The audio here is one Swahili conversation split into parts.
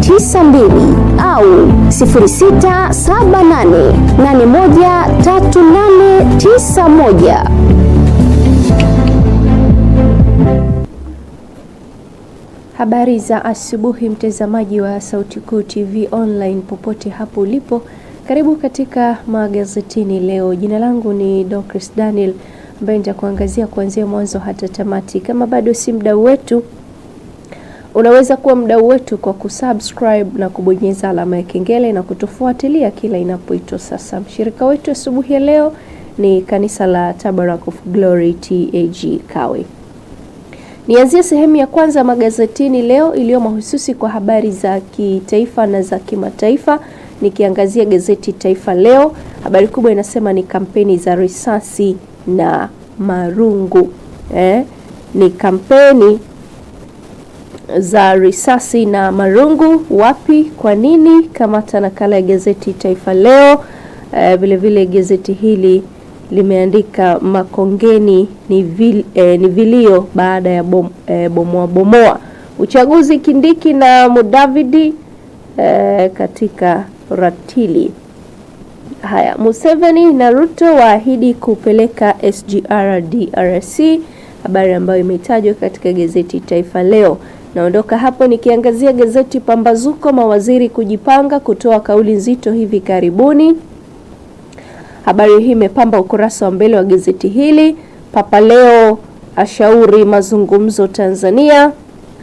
92 au 0678813891. Habari za asubuhi, mtazamaji wa Sauti Kuu TV online popote hapo ulipo, karibu katika magazetini leo. Jina langu ni Dorcas Daniel ambaye nitakuangazia kuanzia mwanzo hata tamati. Kama bado si mdau wetu Unaweza kuwa mdau wetu kwa kusubscribe na kubonyeza alama ya kengele na kutufuatilia kila inapoitwa sasa. Mshirika wetu asubuhi ya leo ni kanisa la Tabernacle of Glory TAG Kawe. Nianzie sehemu ya kwanza magazetini leo iliyo mahususi kwa habari za kitaifa na za kimataifa, nikiangazia gazeti Taifa Leo. Habari kubwa inasema ni kampeni za risasi na marungu eh, ni kampeni za risasi na marungu, wapi, kwa nini? Kamata nakala ya gazeti Taifa Leo. Vilevile eh, uh, vile gazeti hili limeandika Makongeni ni, vil, eh, ni vilio baada ya bom, eh, bomoa bomoa uchaguzi Kindiki na Mudavidi eh, katika ratili. Haya, Museveni na Ruto waahidi kupeleka SGR DRC, habari ambayo imetajwa katika gazeti Taifa Leo. Naondoka hapo nikiangazia gazeti Pambazuko, mawaziri kujipanga kutoa kauli nzito hivi karibuni. Habari hii imepamba ukurasa wa mbele wa gazeti hili. Papa Leo ashauri mazungumzo Tanzania,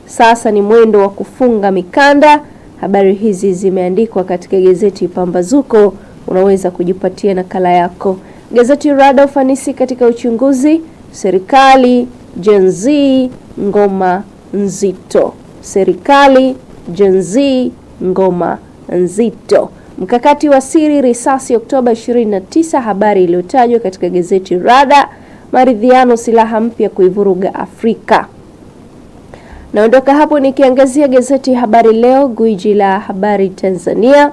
sasa ni mwendo wa kufunga mikanda. Habari hizi zimeandikwa katika gazeti Pambazuko, unaweza kujipatia nakala yako. Gazeti Rada, ufanisi katika uchunguzi serikali, Gen Z, ngoma nzito. Serikali Gen Z ngoma nzito. Mkakati wa siri risasi Oktoba 29, habari iliyotajwa katika gazeti Rada. Maridhiano silaha mpya kuivuruga Afrika. Naondoka hapo nikiangazia gazeti Habari Leo, gwiji la habari Tanzania.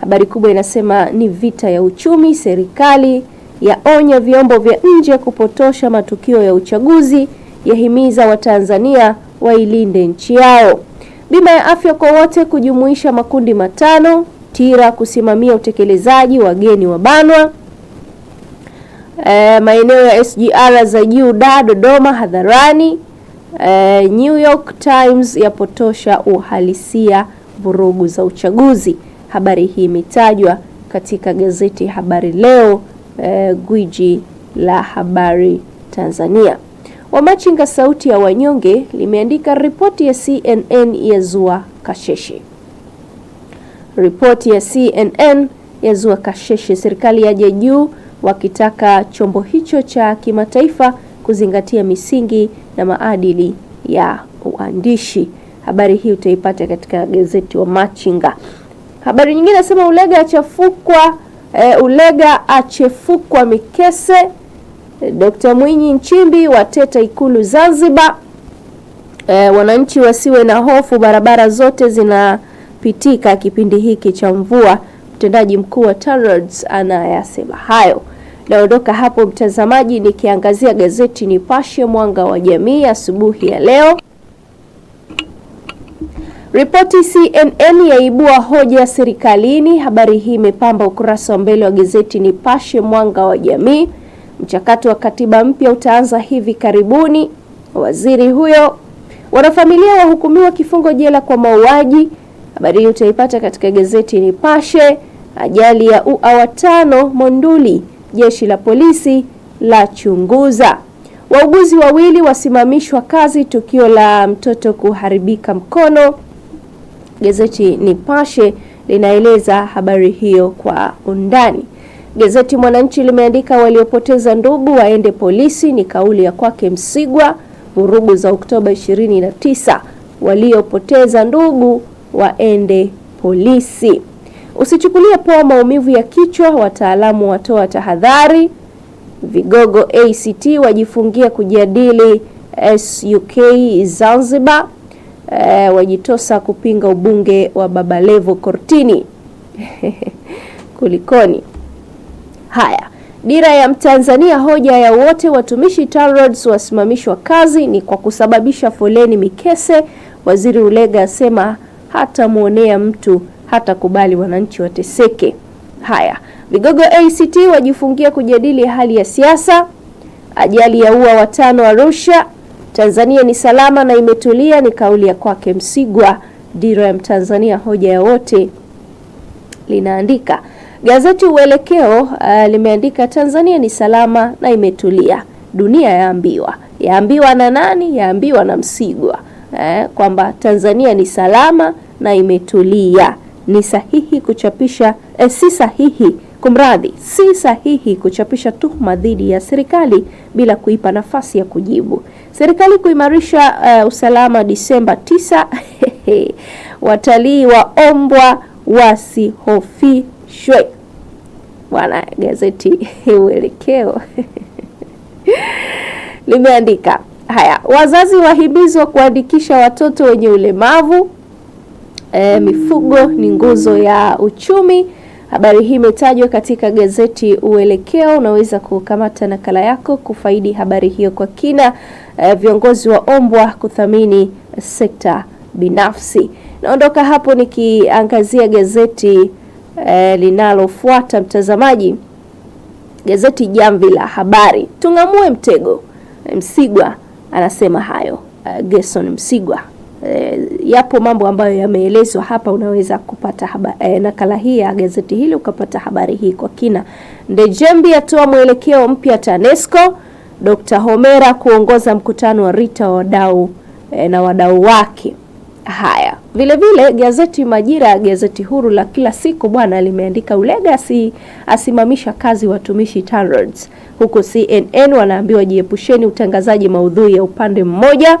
Habari kubwa inasema ni vita ya uchumi, serikali yaonya vyombo vya nje kupotosha matukio ya uchaguzi, yahimiza Watanzania wailinde nchi yao. Bima ya afya kwa wote kujumuisha makundi matano. TIRA kusimamia utekelezaji, wageni wabanwa. E, eh, maeneo ya SGR za juu da Dodoma hadharani. E, New York Times yapotosha uhalisia vurugu za uchaguzi. Habari hii imetajwa katika gazeti Habari Leo, e, gwiji la habari Tanzania. Wamachinga Sauti ya Wanyonge limeandika ripoti ya CNN ya zua kasheshe. Ripoti ya CNN ya zua kasheshe, serikali yaja juu wakitaka chombo hicho cha kimataifa kuzingatia misingi na maadili ya uandishi. Habari hii utaipata katika gazeti wa Machinga. Habari nyingine nasema Ulega achafukwa, e, Ulega achefukwa Mikese Dkt. Mwinyi Nchimbi wateta Ikulu Zanzibar. E, wananchi wasiwe na hofu, barabara zote zinapitika kipindi hiki cha mvua. Mtendaji mkuu wa TANROADS anayasema hayo. Naondoka hapo mtazamaji, nikiangazia gazeti Nipashe Mwanga wa Jamii asubuhi ya leo. Ripoti CNN yaibua hoja serikalini. Habari hii imepamba ukurasa wa mbele wa gazeti Nipashe Mwanga wa Jamii. Mchakato wa katiba mpya utaanza hivi karibuni. Waziri huyo, wanafamilia wahukumiwa kifungo jela kwa mauaji. Habari hii utaipata katika gazeti Nipashe. Ajali ya ua watano Monduli, jeshi la polisi la chunguza. Wauguzi wawili wasimamishwa kazi, tukio la mtoto kuharibika mkono. Gazeti Nipashe linaeleza habari hiyo kwa undani. Gazeti Mwananchi limeandika waliopoteza ndugu waende polisi, ni kauli ya kwake Msigwa. Vurugu za Oktoba 29, waliopoteza ndugu waende polisi. Usichukulie poa maumivu ya kichwa, wataalamu watoa tahadhari. Vigogo ACT wajifungia kujadili SUK Zanzibar. E, wajitosa kupinga ubunge wa babalevo kortini. Kulikoni? Haya, dira ya Mtanzania, hoja ya wote watumishi TANROADS wasimamishwa kazi ni kwa kusababisha foleni mikese. Waziri Ulega asema hatamwonea mtu, hatakubali wananchi wateseke. Haya, vigogo ACT wajifungia kujadili hali ya siasa. Ajali ya ua watano Arusha. Tanzania ni salama na imetulia, ni kauli ya kwake Msigwa. Dira ya Mtanzania, hoja ya wote linaandika Gazeti Uelekeo uh, limeandika Tanzania ni salama na imetulia, dunia yaambiwa. Yaambiwa na nani? Yaambiwa na Msigwa eh, kwamba Tanzania ni salama na imetulia. Ni sahihi kuchapisha eh, si sahihi kumradhi, si sahihi kuchapisha tuhuma dhidi ya serikali bila kuipa nafasi ya kujibu. Serikali kuimarisha uh, usalama Disemba 9 watalii waombwa wasihofishwe bwana, gazeti Uelekeo limeandika haya, wazazi wahimizwa kuandikisha watoto wenye ulemavu. E, mifugo ni nguzo ya uchumi. Habari hii imetajwa katika gazeti Uelekeo. Unaweza kukamata nakala yako kufaidi habari hiyo kwa kina. E, viongozi wa ombwa kuthamini sekta binafsi. Naondoka hapo nikiangazia gazeti e, linalofuata mtazamaji, gazeti Jamvi la Habari, tung'amue mtego. Eh, Msigwa anasema hayo, e, Gerson Msigwa. E, yapo mambo ambayo yameelezwa hapa, unaweza kupata haba, e, nakala hii ya gazeti hili ukapata habari hii kwa kina. Ndejembi atoa mwelekeo mpya TANESCO. Dr. Homera kuongoza mkutano wa Rita wadau e, na wadau wake. Haya, vilevile vile, gazeti Majira ya gazeti huru la kila siku bwana limeandika Ulega si asimamisha kazi watumishi TANROADS, huku CNN wanaambiwa jiepusheni utangazaji maudhui ya upande mmoja.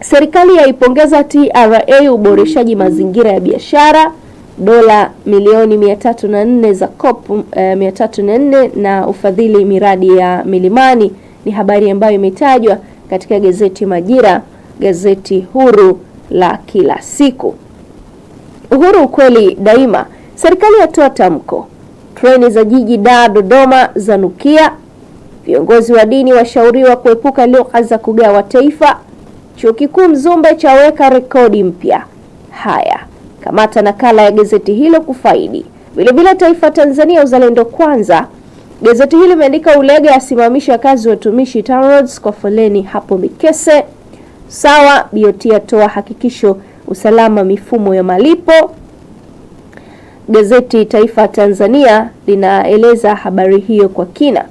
Serikali yaipongeza TRA uboreshaji mazingira ya biashara. Dola milioni 304 za COP 304 eh, na ufadhili miradi ya milimani ni habari ambayo imetajwa katika gazeti Majira, gazeti huru la kila siku. Uhuru ukweli daima, serikali yatoa tamko, treni za jiji da Dodoma zanukia, viongozi wa dini washauriwa kuepuka lugha za kugawa taifa, chuo kikuu Mzumbe chaweka rekodi mpya. Haya, kamata nakala ya gazeti hilo kufaidi. Vilevile Taifa Tanzania Uzalendo Kwanza Gazeti hili limeandika Ulega asimamisha kazi watumishi TANROADS kwa foleni hapo Mikese. Sawa, BOT atoa hakikisho usalama mifumo ya malipo. Gazeti Taifa Tanzania linaeleza habari hiyo kwa kina.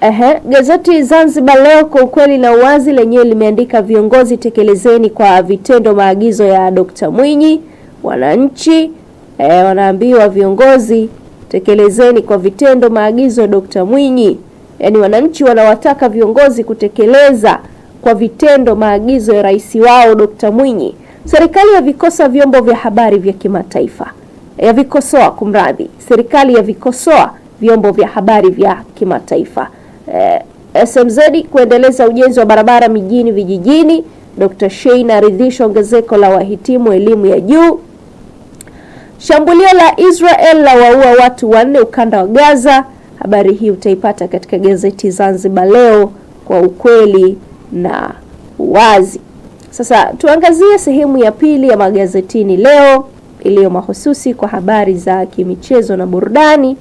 Ehe, gazeti Zanzibar Leo kwa ukweli na uwazi lenyewe limeandika viongozi tekelezeni kwa vitendo maagizo ya Dkt. Mwinyi. Wananchi e, wanaambiwa viongozi tekelezeni kwa vitendo maagizo ya Dokta Mwinyi. Yaani wananchi wanawataka viongozi kutekeleza kwa vitendo maagizo ya rais wao Dokta Mwinyi. Serikali yavikosoa vyombo vya habari vya kimataifa, yavikosoa, kumradhi, serikali yavikosoa vyombo vya habari vya kimataifa. Eh, SMZ kuendeleza ujenzi wa barabara mijini vijijini. Dr. Shein aridhisha ongezeko la wahitimu elimu ya juu. Shambulio la Israel la waua watu wanne ukanda wa Gaza. Habari hii utaipata katika gazeti Zanzibar leo kwa ukweli na uwazi. Sasa tuangazie sehemu ya pili ya magazetini leo iliyo mahususi kwa habari za kimichezo na burudani,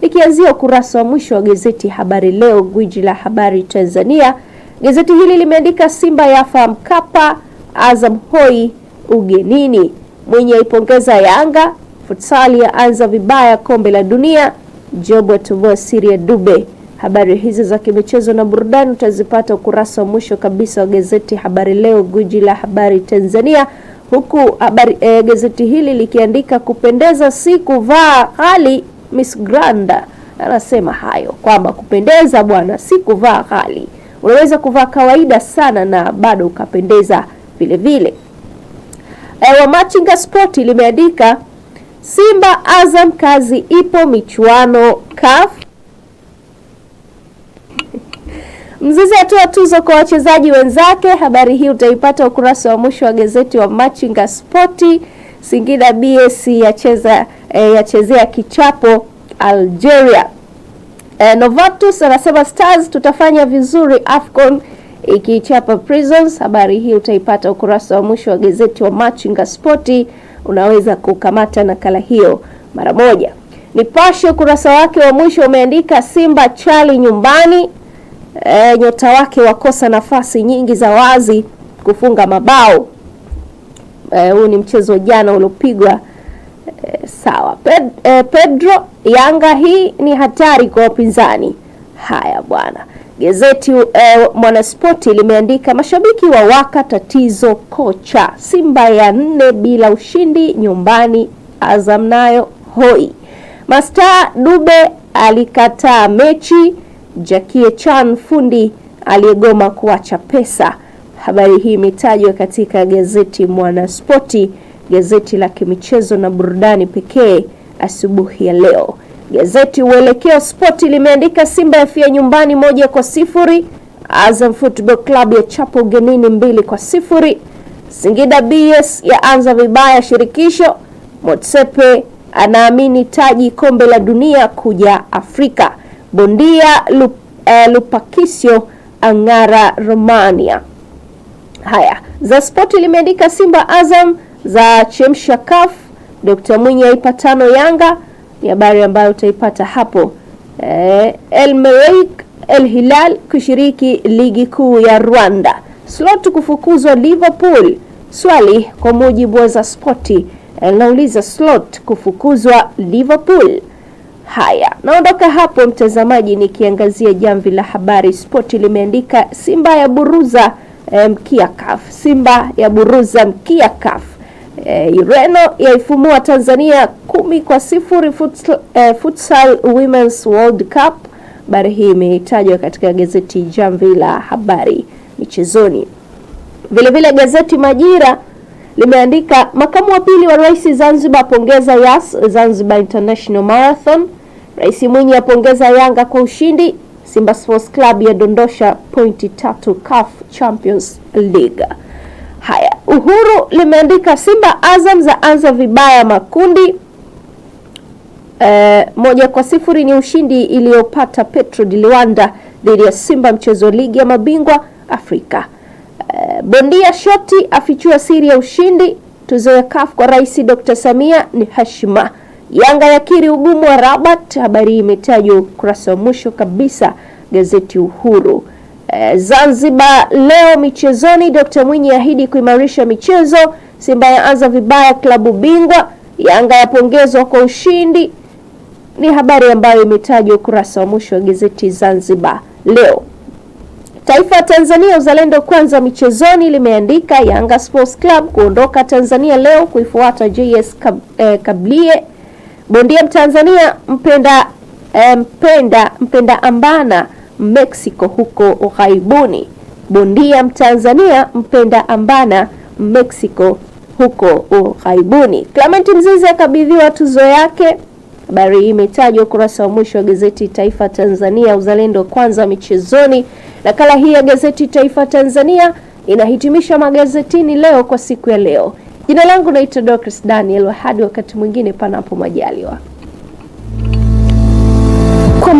ikianzia ukurasa wa mwisho wa gazeti Habari Leo, gwiji la habari Tanzania. Gazeti hili limeandika Simba yafa Mkapa, Azam hoi ugenini, mwenye aipongeza Yanga ya yaanza vibaya kombe la dunia, jobu atoboa siri ya Dube. Habari hizi za kimichezo na burudani utazipata ukurasa wa mwisho kabisa wa gazeti Habari Leo, guji la habari Tanzania, huku habari eh, gazeti hili likiandika kupendeza si kuvaa, hali Miss Granda anasema hayo kwamba kupendeza bwana si kuvaa ghali, unaweza kuvaa kawaida sana na bado ukapendeza vile E, Wamachinga Spoti limeandika Simba Azam, kazi ipo, michuano CAF. Mzizi atoa tuzo kwa wachezaji wenzake. Habari hii utaipata ukurasa wa mwisho wa gazeti wa Machinga Sporti. Singida BSC yacheza e, yachezea kichapo Algeria. E, Novatus anasema Stars tutafanya vizuri Afcon ikiichapa Prisons. Habari hii utaipata ukurasa wa mwisho wa gazeti wa Machinga Sporti unaweza kukamata nakala hiyo mara moja. Nipashe ukurasa wake wa mwisho umeandika Simba chali nyumbani, e, nyota wake wakosa nafasi nyingi za wazi kufunga mabao. E, huu e, ni mchezo jana uliopigwa. E, sawa e, Pedro, Yanga hii ni hatari kwa wapinzani. Haya bwana. Gazeti eh, Mwanaspoti limeandika mashabiki wa waka tatizo kocha, Simba ya nne bila ushindi nyumbani, Azam nayo hoi. masta Dube alikataa mechi, Jackie Chan fundi aliyegoma kuacha pesa. Habari hii imetajwa katika gazeti Mwanaspoti, gazeti la kimichezo na burudani pekee asubuhi ya leo. Gazeti Uelekeo Spoti limeandika Simba yafia nyumbani moja kwa sifuri, Azam Football Club ya chapo ugenini mbili kwa sifuri, Singida BS yaanza vibaya shirikisho, Motsepe anaamini taji kombe la dunia kuja Afrika, bondia lup, eh, Lupakisio ang'ara Romania. Haya, za Spoti limeandika Simba Azam za chemsha kaf, Dr Mwinyi aipa tano Yanga ni habari ambayo utaipata hapo. Eh, El Merreikh El Hilal kushiriki ligi kuu ya Rwanda. Slot kufukuzwa Liverpool. Swali kwa mujibu wa za spoti linauliza eh, Slot kufukuzwa Liverpool. Haya, naondoka hapo mtazamaji, nikiangazia jamvi la habari. Spoti limeandika Simba ya buruza eh, mkia Simba ya buruza mkia E, eh, Ureno yaifumua Tanzania kumi kwa sifuri futsal, e, eh, futsal Women's World Cup. Habari hii imetajwa katika gazeti Jamvi la Habari michezoni. Vilevile gazeti Majira limeandika makamu wa pili wa rais Zanzibar pongeza Yas Zanzibar International Marathon. Rais Mwinyi apongeza Yanga kwa ushindi. Simba Sports Club yadondosha pointi tatu CAF Champions League. Haya, Uhuru limeandika Simba Azam za anza vibaya makundi. E, moja kwa sifuri ni ushindi iliyopata Petro di Luanda dhidi ya Simba mchezo ligi ya mabingwa Afrika. E, bondia shoti afichua siri ya ushindi. Tuzo ya CAF kwa Rais Dr. Samia ni heshima. Yanga yakiri ugumu wa Rabat. Habari hii imetajwa ukurasa wa mwisho kabisa gazeti Uhuru. Eh, Zanzibar leo michezoni, Dr. Mwinyi ahidi kuimarisha michezo. Simba yaanza vibaya klabu bingwa, Yanga yapongezwa kwa ushindi. Ni habari ambayo imetajwa ukurasa wa mwisho wa gazeti Zanzibar leo. Taifa Tanzania uzalendo kwanza michezoni limeandika Yanga Sports Club kuondoka Tanzania leo kuifuata JS Kab, eh, Kabylie. Bondia Mtanzania mpenda, eh, mpenda, mpenda ambana Mexico huko ughaibuni. Bondia Mtanzania mpenda ambana Mexico huko ughaibuni. Clement Mzize akabidhiwa tuzo yake. Habari hii imetajwa ukurasa wa mwisho wa gazeti Taifa Tanzania, uzalendo kwanza michezoni. Nakala hii ya gazeti Taifa Tanzania inahitimisha magazetini leo kwa siku ya leo. Jina langu naitwa Dorcas Daniel, hadi wakati mwingine, panapo majaliwa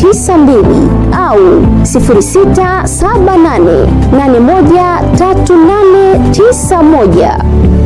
mbili au moja